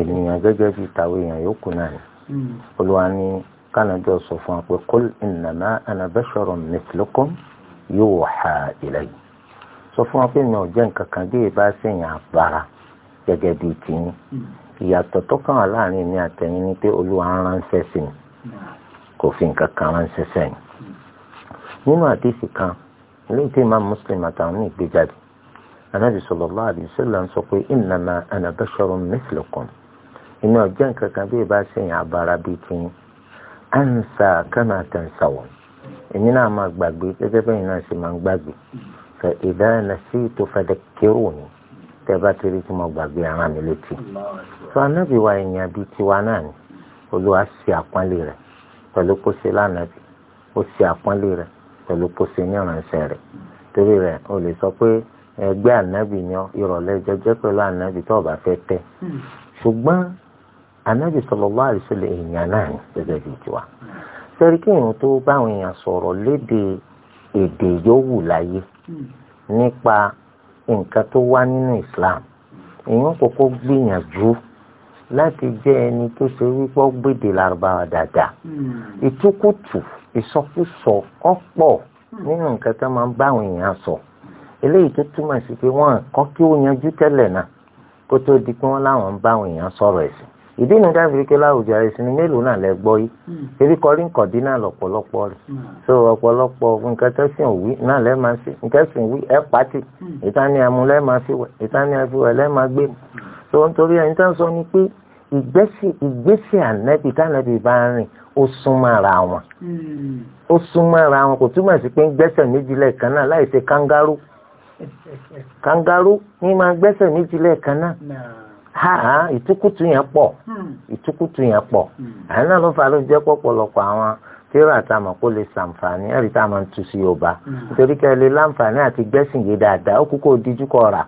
ènìyàn gẹ́gẹ́ bíi tàwọn èèyàn yòókù náà ni hmm. olúwa ní kánàjọ sọ fún wa pé kul innama ana basharun mithlukum yuha ilayya sọ fún wa pé mi ò jẹ́ nǹkan kan bí ìbá sèyàn àbára gẹ́gẹ́ bíi tiyín ìyàtọ̀ tó kàn wá láàrin mi àtẹ̀yìn ni pé olúwa ń ránṣẹ́ sí mi kò fi nǹkan kan ránṣẹ́ sẹ́yìn nínú àdéhìí kan ilé ìtẹ́ ìmáà Muslim àtàwọn ní ìgbéjáde anábì sallallahu alaihi wasallam sọ pé innama ana basharun mithlukum ìmọ̀ nǹkan kan bí ìbá sèyàn àbára bíi tiyín ansa kama tansawọn èmi náà máa gbàgbé gẹ́gẹ́ bẹ́ẹ̀ náà ṣe máa ń gbàgbé fa idha nasitu fadhakkiruni tẹ́ bá ti rí tí mo gbàgbé ara mi létí. sọ anábì wa èèyàn bíi tiwa náà ni olúwa ṣe àpọ́nlé rẹ̀ pẹ̀lú pósí lánàbì ó ṣe àpọ́nlé rẹ̀ pẹ̀lú pósí ní ìrànṣẹ́ rẹ̀ torí rẹ̀ o lè sọ pé ẹgbẹ́ ànábì yan ìrọ̀lẹ́ jẹjẹ́ pẹ̀lú ànábì tó o bá fẹ́ tẹ́ hmm. ṣùgbọ́n anabi sallallahu alaihi wasallam èèyàn náà ní gẹ́gẹ́ bíi tiwa sẹ́rí kí èèyàn tó báwọn èèyàn sọ̀rọ̀ léde èdè yòówù láyé nípa nǹkan tó wá nínú islam èèyàn kọ́kọ́ gbìyànjú láti jẹ́ ẹni tó ṣe wípé gbèdè lárúbáwá dáadáa hmm. ìtukùtù ìsọkúsọ ọ̀pọ̀ hmm. nínú nǹkan tó máa ń báwọn èèyàn sọ eléyìí tó túmọ̀ sí pé wọ́n kọ́ kí ó yanjú tẹ́lẹ̀ náà kó tó di pé wọ́n láwọn ń báwọn èèyàn sọ̀rọ̀ ẹ̀sìn ìdí ni dábì wípé láwùjọ àìsàn mélòó náà lẹ gbọ́ yìí hmm. ebi kọrí nkọ̀dí náà lọ̀pọ̀lọpọ̀ rẹ̀ hmm. so ọ̀pọ̀lọpọ̀ nǹkan tẹ́sìn òwí náà lẹ́ẹ̀ máa ṣe nǹkan tẹ́sìn òwí ẹ̀ pàtì hmm. ìtàní amú lẹ́ẹ̀ máa fi wẹ̀ ìtàní afiwẹ̀ lẹ́ẹ̀ máa gbé so nítorí ẹni tá à ń sọ ni pé ìgbésẹ̀ ànẹ́bí tánẹ́bí bá ń rìn ó súnmọ́ ara wọn ó súnmọ́ ara wọn kò túmọ̀ sí pé ń gbẹ́sẹ̀ méjì lẹ́ẹ̀kan náà láì ṣe kangaroo kangaroo ní máa gbẹ́sẹ̀ méjì lẹ́ẹ̀kan náà ha ìtukutu yẹn pọ̀ hmm. ìtukutu yẹn pọ̀ hmm. àná ló fa ló jẹ́ pọ̀pọ̀lọpọ̀ àwọn tíra àtàmọ̀ kó lè ṣàǹfààní ẹ̀rí tá a máa ń tu sí yorùbá hmm. nítorí kẹ́ ẹ lè láǹfààní àti gbẹ́sìn yé dáadáa ó kú kó díjú kọ rà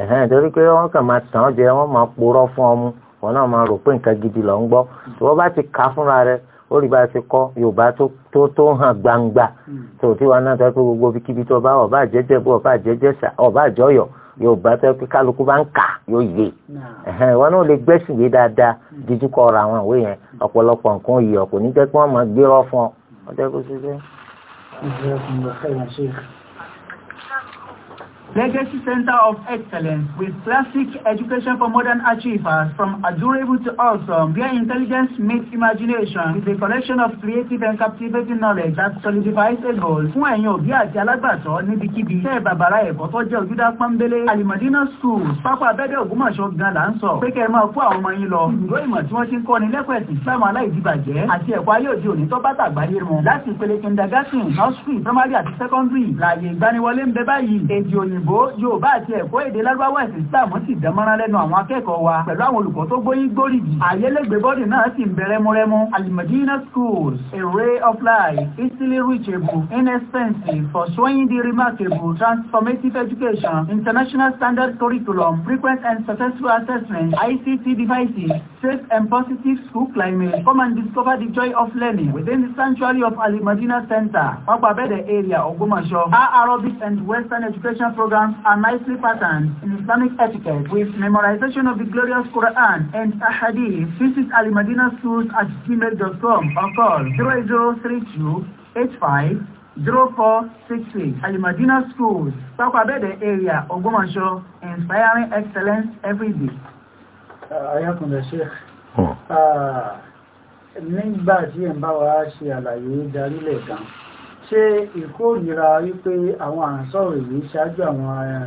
ẹ̀hẹ́n nítorí pé wọ́n kàn máa tàn án jẹ wọ́n máa purọ́ fún ọmú wọn náà máa rò pé nǹkan gidi lọ ń gbọ́ tí wọ́n bá ti kà fúnra rẹ̀ ó rí bá a ti kọ́ yorùbá tó tó hàn gbangba tó tí wọn náà tọ́ pé gbogbo kíbi tó bá ọ̀bá àjẹjẹ bó ọ̀bá àjẹjẹ ọ̀bá àjọyọ̀ yóò bá tẹ́ pé kálukú bá ń kà yóò yé wọn náà lè gbẹ́sìn yé dáadáa díjú kọ ọ̀rọ̀ àwọn ìwé yẹn ọ̀pọ̀lọpọ̀ nǹkan yìí ọ̀pọ̀ ní jẹ́ pé wọ́n máa gbérọ́ fún ọ. ọjọ́ kó ṣe bẹ́ẹ̀. Legacy Center of Excellence with classic education for modern achievers from adorable to awesome where intelligence meets imagination with a collection of creative and captivating knowledge that solidifies a goal. Fún ẹ̀yin òbí àti alágbàtọ́ níbikíbi tẹ́ bàbàrà ẹ̀kọ́ tó jẹ́ òjúdá pọ́nbélé Alimadina School pápá abẹ́dẹ̀ Ògbómọ̀ṣọ́ gan là ń sọ pé kẹ́ ẹ máa kó àwọn ọmọ yín lọ. Ìró ìmọ̀ tí wọ́n ti ń kọ́ni lẹ́kọ̀ọ́ ẹ̀sìn Islam aláìdíbàjẹ́ àti ẹ̀kọ́ ayé òde òní tó bá tàgbáyé mu láti ìpele kindergarten nursery primary secondary láàyè ìgbaniwọlé ń bẹ báyìí èdè òyìn òyìnbó yorùbá àti ẹ̀kọ́ èdè lárúbáwá ẹ̀sìn islam sì dánmọ́rán lẹ́nu àwọn akẹ́kọ̀ọ́ wa pẹ̀lú àwọn olùkọ́ tó gbóyìn gbóríyìn àyẹlẹgbẹ bọ́ọ̀dì náà sì ń bẹ̀rẹ̀ múrẹ́mú alimadina schools a ray of light easily reachable inexpensive for showing the remarkable transformative education international standard curriculum frequent and successful assessment ICT devices safe and positive school climate come and discover the joy of learning within the sanctuary of alimadina center pápá bẹ́ẹ̀dẹ̀ area Ògbómọ̀ṣọ́ our arabic and western education program. Programs are nicely patterned in Islamic etiquette with memorization of the glorious Quran and Ahadith. Visit Ali Madina Schools at gmail.com or call 0032 85 0466 Ali Madina Schools, Takwabede area, Ogbomoso, inspiring excellence every day. Uh, Ayakunle Sheikh. Hmm. Uh, nígbà tí ẹ̀ ń bá wa ṣe àlàyé darí lẹ̀ gan-an. ṣe ìkórìíra wípé àwọn àǹsọ̀rọ̀ èyí ṣáájú àwọn eh,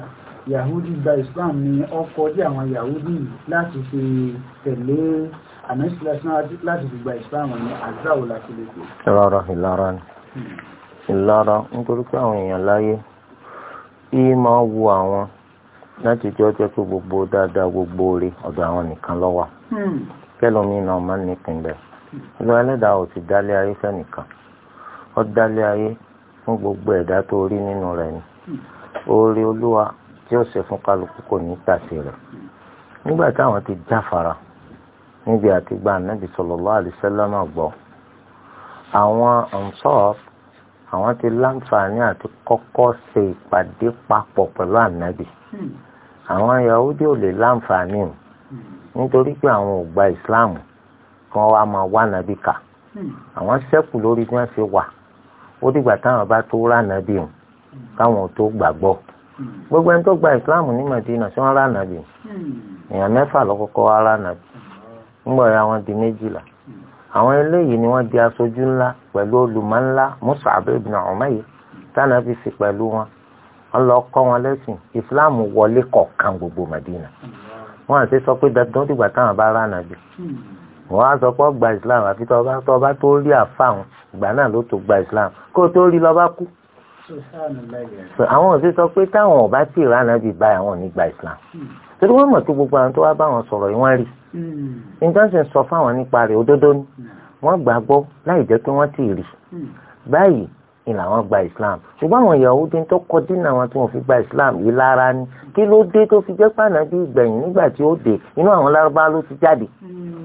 yahudi gba islam ni ọkọ̀ dí àwọn yahudi láti fi tẹ̀lé àmẹ́sìlẹ́sìn láti fi gba islam ní àzáwò láti lè pè. ìlara ìlara ni ìlara nítorí pé àwọn èèyàn láyé yìí máa wo àwọn láti jọ jẹ́ pé gbogbo dáadáa gbogbo rẹ̀ ọ̀dọ̀ àwọn nìkan ló wà hmm. kẹ́lòmínà ọmọ nìkan bẹ́ẹ̀ ìlú ẹlẹ́dàá ò ti dálé ayé fẹ́ nìkan. ọ̀dàlẹ̀ ayé fún gbogbo ẹ̀dá tó rí nínú rẹ̀ ni oore olúwa tí ó ṣe fún kálukú kò ní tàsé rẹ̀ nígbà táwọn ti jáfara níbi àti gba ànábì sallallahu alaihi wasallam gbọ́ àwọn Ansar àwọn ti láǹfààní àti kọ́kọ́ ṣe ìpàdé papọ̀ pẹ̀lú ànábì àwọn Yahudi ò lè láǹfààní o nítorí pé àwọn ò gba ìsìláàmù kí wọ́n wá máa wá ànábì kà àwọn ṣẹ́kù lórí bí wọ́n ṣe wà ó dìgbà táwọn bá tó rànà bí wọn káwọn tó gbàgbọ́ gbogbo ẹni tó gba ìsìláàmù ní Madina sí wọn rànà bí èèyàn mẹ́fà lọ́kọ́kọ́ wá rànà bí ńgbọ̀ ya wọn di méjìlá àwọn eléyìí ni wọ́n di aṣojú ńlá pẹ̀lú olùmọ̀ ńlá Mus'ab ibn Umayr tánà fi sí pẹ̀lú wọn ọlọ kọ́ wọn lẹ́sìn ìsìláàmù wọlé kọ̀ọ̀kan gbogbo Madina wọn àti sọ pé dandan dìgbà táwọn bá rànà bí wọ́n á sọ pé gba islam àfi tọ́ba tọ́ba tó rí àfáàwọn ìgbà náà ló tó gba islam kó tó rí lọ́ba kú. àwọn ò sì sọ pé táwọn ò bá tì ránà bíi báyìí àwọn ò ní gba islam torí wọ́n mọ̀ tó gbogbo àwọn tó wá bá sọ̀rọ̀ ìwọ́n rí nǹkan hmm. sọ fáwọn nípa rẹ̀ òdodo ni wọ́n gbàgbọ́ láì jẹ́ pé wọ́n ti rí hmm. báyìí ni làwọn gba islam ṣùgbọ́n àwọn Yahudi tó kọ dínà àwọn tí wọ́n fi gba islam yìí lára ni kí ló dé tó fi jẹ́ pàànà bí ìgbẹ̀yìn nígbà tí ó dé inú àwọn lárúbá ló ti jáde hmm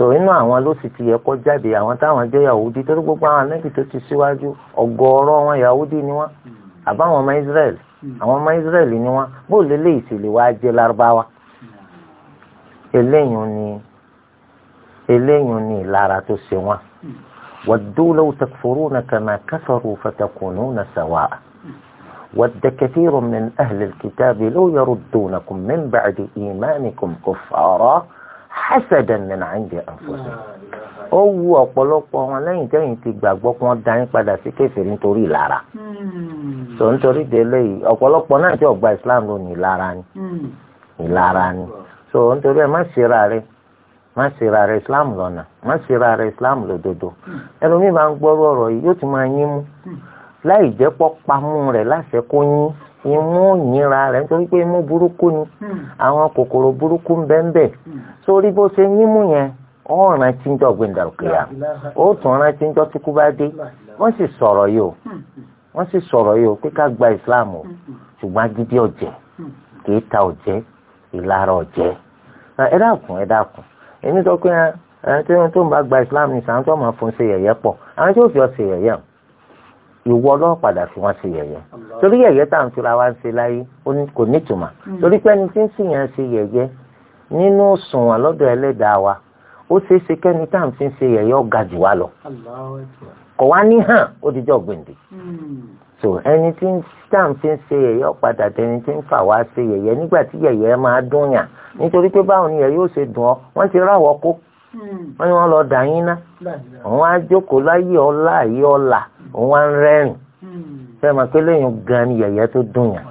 so inú àwọn ló sì ti yẹ kó jáde àwọn táwọn jẹ́ yahudi torí gbogbo àwọn anábì tó ti síwájú ọ̀gọ̀ọ̀rọ̀ wọn yahudi ni wọn àbáwọn ọmọ israel àwọn ọmọ israel ni wọn bóò lélẹ ìṣèlè wa jẹ́ lárúbáwá eléyìí ni eléyìí ni ìlara tó ṣe wọn waddu law takfuruna kama kafaru fatakununa sawa'a wadda kathirun min ahli alkitabi law yaruddunakum min ba'di imanikum kuffara hasadan min indi anfusihim ó wu ọ̀pọ̀lọpọ̀ wọn lẹ́yìn tẹ́yìn ti gbàgbọ́ kí wọ́n da yín padà sí kèfèrí nítorí ìlara hmm. so nítorí délé yìí ọ̀pọ̀lọpọ̀ náà tí ọ̀gbà Islam ló ní ìlara ni hmm. ìlara ni so nítorí ẹ má ṣe ra rẹ má ṣe ra rẹ Islam lọ́nà má ṣe ra rẹ Islam lódodo hmm. ẹlòmíì bá ń gbọ́rọ̀ ọ̀rọ̀ yìí yóò ti máa yín mú láì jẹ́ pọ́ pamú rẹ̀ láṣẹ kó yín. imú òyìnra rẹ̀ nítorí pé imú burúkú ni hmm. àwọn kòkòrò burúkú ń bẹ́ hmm. sórí bó ṣe yímú yẹn ó rántí ń jọ gbẹndàkìyà ó tún rántí ń jọ o hmm, wọ́n sì sọ̀rọ̀ yìí o pé gba Islam o ṣùgbọ́n gidi ọ̀jẹ̀ kìí ta ọ̀jẹ̀ ìlara ọ̀jẹ̀ ẹ dákun ẹ dákun èmi sọ pé ẹ tó ń bá gba ìsìláàmù nìkan tó máa fún ṣe ìwọ ló padà fi wọn ṣe yẹ̀yẹ́ torí yẹ̀yẹ́ tá à ń fira wa ń ṣe láyé kò nítumọ̀ hmm. torí pé ẹni tí ń sì yẹn ṣe yẹ̀yẹ́ nínú sùnwọn lọ́dọ̀ Ẹlẹ́dàá wa ó ṣeé ṣe kẹ́ni tá à ń fi ṣe yẹ̀yẹ́ ọ̀gá jù wá lọ kò wá ní hàn ó dijọ́ gbèǹde hmm. so ẹni tí tá à ń fi ṣe yẹ̀yẹ́ padà tẹni tí ń fà wá ṣe yẹ̀yẹ́ nígbà tí yẹ̀yẹ́ máa dùn yàn nítorí pé báwo ni yẹ̀yẹ́ ó ṣe dùn ọ wọ́n ti ráwọ́ kó hmm. wọ́n ní wọ́n lọ dà yín ná àwọn á jókòó láyé ọlá àyè ọlà òun wá ń rẹ́rìn fẹ́ hmm. máa pé lẹ́yìn gan ni yẹ̀yẹ́ tó dùn yàn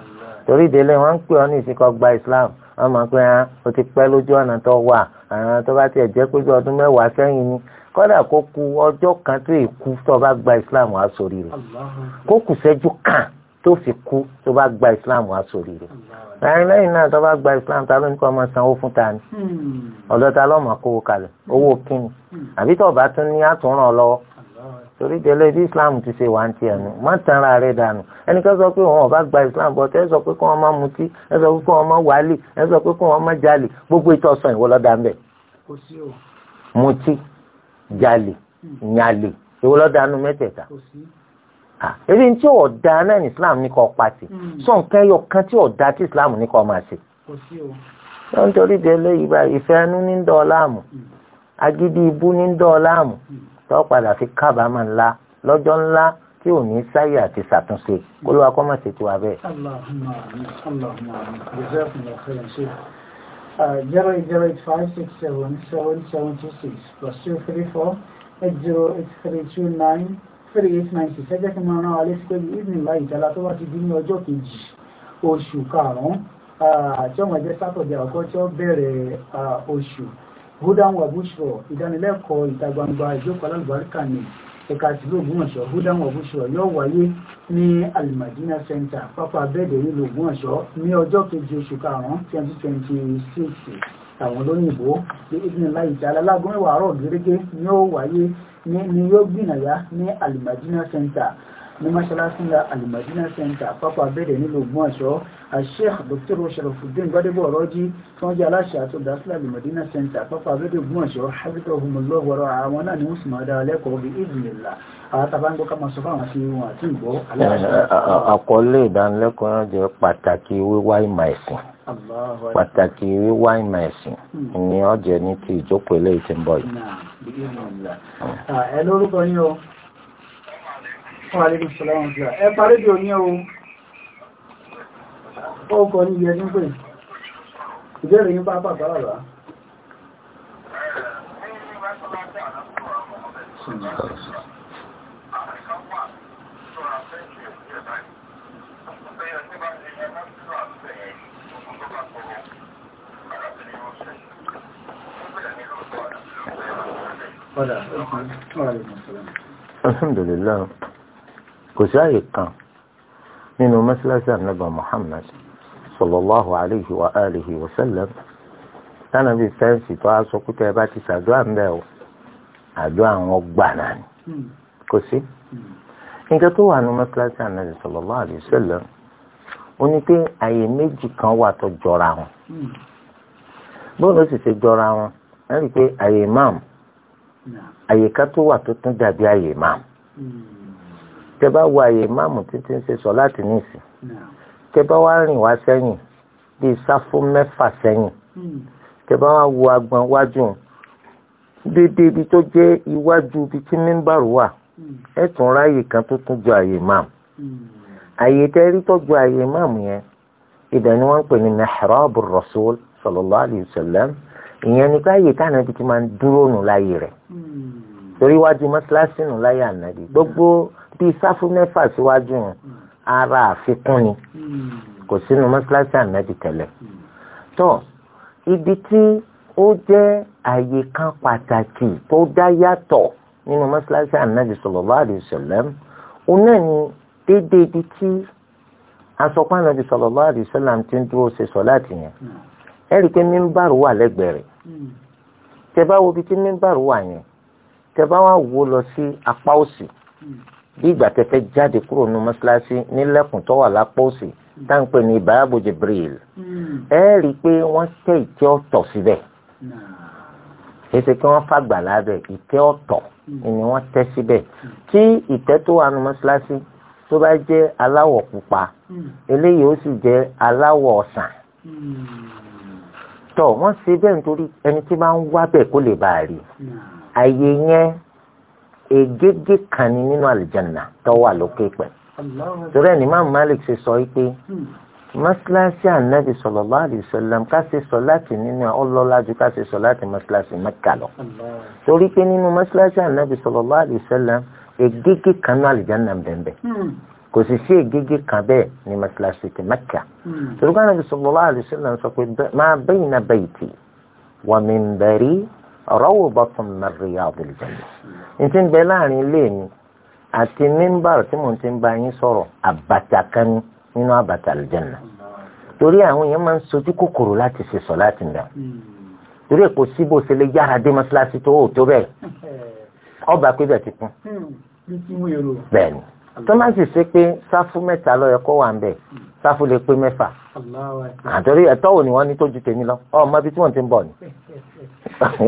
torí ìdílé wọn ń pè ọ́ ní ìsìnkọ́ gba Islam wọn máa pé hàn ah, ó ti pẹ́ lójú ọ̀nà tó wà àwọn ah, tó bá tiẹ̀ jẹ́ pé ọdún mẹ́wàá sẹ́yìn ni kódà kó ku ọjọ́ kan tó èkú tó bá gba Islam wá sórí rẹ̀ kó kù sẹ́jú kan tó fi kú tó bá gba Islam wá sórí rẹ̀ láàrin lẹ́yìn náà tó bá gba Islam ta ló ní kó ọmọ sanwó fún ta ni hmm. ọ̀dọ́ ta lọ́mọ kówó kalẹ̀ owó hmm. kíni àbí tó bá tún ní àtúnràn lọ́wọ́ torí tẹ́lẹ̀ bí islam ti ṣe wà ń tiẹ̀ nù má tanra rẹ̀ dànù ẹnìkan sọ pé wọn ò gba islam bọ́ tẹ́ ẹ sọ pé kí wọ́n má mutí ẹ sọ pé kí wọ́n má wálì ẹ sọ pé kí wọ́n má jalè gbogbo ìtọ́sán ìwọ lọ́dà ń bẹ̀. mutí jalè nyalè ìwọ lọ́dà nù mẹ́tẹ̀ẹ̀ta. èyí tí ò da náà islam ní kò pàtì hmm. sọ nǹkan ẹyọ kan tí ò da tí islam ní kò máa ṣe. nítorí tẹ́lẹ̀ ìfẹ́ ẹnu ní dọ́ọ̀láàmù hmm. agídí tó padà fi kábàámà ńlá lọ́jọ́ ńlá tí ò ní sáyè àti ṣàtúnṣe kó ló wa kọ́ mọ̀ ṣètò abẹ́. Allahumma Allahumma jazakumullahu kí máa rán alẹ́ sí pé evening láì ìjàlá tó bá ti di ní ọjọ́ kejì oṣù karùn-ún àti uh, ọmọ ẹgbẹ́ sátọ̀dẹ̀ àkọ́jọ́ bẹ̀rẹ̀ uh, oṣù hudan wa bushro ìdánilẹ́kọ̀ọ́ ìta gbangba ìjókòó alálùbáríkà ni ẹ̀ka tìlú ògbómọ̀ṣọ́ hudan wa bushro yóò wáyé ní alimadina center pápá bẹ́ẹ̀dẹ̀ nílùú ògbómọ̀ṣọ́ ní ọjọ́ kejì oṣù karùn-ún 2026 àwọn olóyìnbó ní ìdínlá ìjà alágúnmẹ́wàá àárọ̀ gẹ́gẹ́ ni ó wáyé ní yóò gbìnàyà ní alimadina center ní mọ́ṣáláṣí ńlá alimadina center pápá abẹ́rẹ́ nílùú ògbómọ̀ṣọ́ asheikh dr sharafudin gbadebo ọ̀rọ́jì tí wọ́n jẹ́ aláṣẹ àti olùdásílẹ̀ alimadina center pápá abẹ́rẹ́ ògbómọ̀ṣọ́ habita ohunmọ̀lọ́ ọ̀rọ̀ àwọn náà ni wọ́n sì máa dára lẹ́kọ̀ọ́ bí ìdìlélà àtàbáńgbọ́ ká máa sọ fáwọn sí wọn àti ìgbọ́ àkọlé ìdánilẹ́kọ̀ọ́ náà jẹ́ pàtàkì wíwá ìmọ̀ ẹ̀sìn pàtàkì wíwá ìmọ̀ ẹ̀sìn hmm. ni ọ̀jẹ̀ ní ti ìjókòó eléyìí ti ń bọ̀ yìí. Ah, ẹ lórúkọ yín o. Ẹ parí bí o ní ohun ọkọ̀ ní ilẹ̀ nígbè ìbẹ̀rẹ̀ ní bàbá bàbá Alhamdulillah kò sí àyè kan nínú mọ́sálásí ànábà Muhammad sallallahu alayhi wa alihi wa sallam tánà bíi fẹ́ǹsì tó a sọ pé tẹ́ ẹ bá ti ṣàdúrà ń bẹ̀ o àdúrà wọn gbà náà ni hmm. kò sí. Hmm. nǹkan tó wà nínú mọ́sálásí ànábì sallallahu alayhi wa sallam ó ní pé àyè méjì kan wà tó jọra wọn hmm. bóòlù sì ti jọra wọn ẹ rí i pé àyè imam àyè kan tó wà tó tún dàbí àyè imam tẹ bá wo àyè máàmù títí ń ṣe sọ láti nísìn tẹ bá wá rìn wá sẹ́yìn bíi sáfó mẹ́fà sẹ́yìn hmm. tẹ bá wá wo agbọn wájú dédé ibi tó jẹ́ iwájú ibi tí mímbàrú wà hmm. ẹ tún ráàyè kan tó tún ju àyè máàmù hmm. àyè tẹ tó ju àyè máàmù yẹn ibẹ̀ ni wọ́n ń pè ní mihrabu rasul sallallahu alayhi wa sallam ìyẹn ni káyè táwọn ibi tí máa ń dúró nù láyè rẹ̀ torí wájú mọ́sálásí nù láyè ànábì gbogbo bíi sáfù mẹ́fà síwájú yẹn ara àfikún ni kò sínú mọ́ṣáláṣí ànábì tẹ́lẹ̀ tó ibi tí ó jẹ́ àyè kan pàtàkì tó dá yàtọ̀ nínú mọ́ṣáláṣí ànábì sallallahu alaihi wasallam náà ni déédéé ibi tí asọ̀pá ànábì sallallahu alaihi wasallam ti ń dúró ṣe sọ̀láàtì yẹn ẹ rí i pé mímbàrú wà lẹ́gbẹ̀ẹ́ rẹ̀ tẹ bá wo ibi tí mímbàrú wà yẹn tẹ bá wà wo lọ sí apá òsì bí ìgbà tẹ́tẹ́ jáde kúrò nínú mọ́ṣáláṣí nílẹ̀kùn tó wà lápò òsì táǹpẹ̀ ní ìbáàbò Jibril hmm. ẹ rí i pé wọ́n tẹ́ ìtẹ́ ọ̀tọ̀ síbẹ̀ èsì kí wọ́n fàgbà lábẹ́ ìtẹ́ ọ̀tọ̀ hmm. ni wọ́n tẹ́ síbẹ̀ tí ìtẹ́ tó wà nínú mọ́ṣáláṣí tó bá jẹ́ aláwọ̀ pupa hmm. eléyìí ó sì jẹ́ aláwọ̀ ọ̀sán tọ̀ wọ́n ṣe bẹ́ẹ̀ nítorí ẹni tí máa ń wá bẹ̀ kó lè bàa rí àyè yẹn ègégé kan ni nínú àlìjànnà tó wà lókè pẹ̀ torí ẹni máa Malik ṣe sọ pé hmm. mọ́sálásí ànábì sallallahu alaihi wasallam ká ṣe sọ láti nínú ọlọ́lá ju ká ṣe sọ láti mọ́sálásí Mẹ́kà lọ torí pé nínú mọ́sálásí ànábì sallallahu alaihi wasallam ègégé kan ní àlìjànnà bẹ̀m̀bẹ̀ hmm. kò sì sí ègégé kan bẹ́ẹ̀ ní mọ́sálásí ti Mẹ́kà hmm. torí pé ànábì sallallahu alaihi sọ pé ma bayna bayti wa minbari rawdatun min riyadil jannah n ti ń bẹ láàrin ilé mi àti mímbàrò tí mo ti ń bá yín sọ̀rọ̀ àbàtà kan ní nínú àbàtà àlùjànnà torí àwọn èèyàn máa ń sojú kòkòrò láti ṣe sọ láti nà torí èkó síbò ṣe lè yára dé mọ́ṣáláṣí tó ò tó bẹ́ẹ̀ ọba pé bẹ́ẹ̀ ti kún bẹ́ẹ̀ ni tó ṣe pé sáfù mẹ́ta lọ́yọ̀ kó wà ń bẹ̀ sáfù lè pé mẹ́fà àtọ́rí ẹ̀tọ́ wo wọ́n ní tó ju tèmi lọ ọmọ ibi tí wọ́n ti ń bọ̀ ni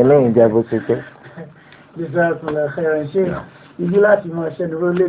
eléyìí jẹ́ bó ṣe jẹ́ jesus ọlọ́ọ̀kẹ́rẹ́ ṣe ìdí láti mọ ṣẹ́dúró lè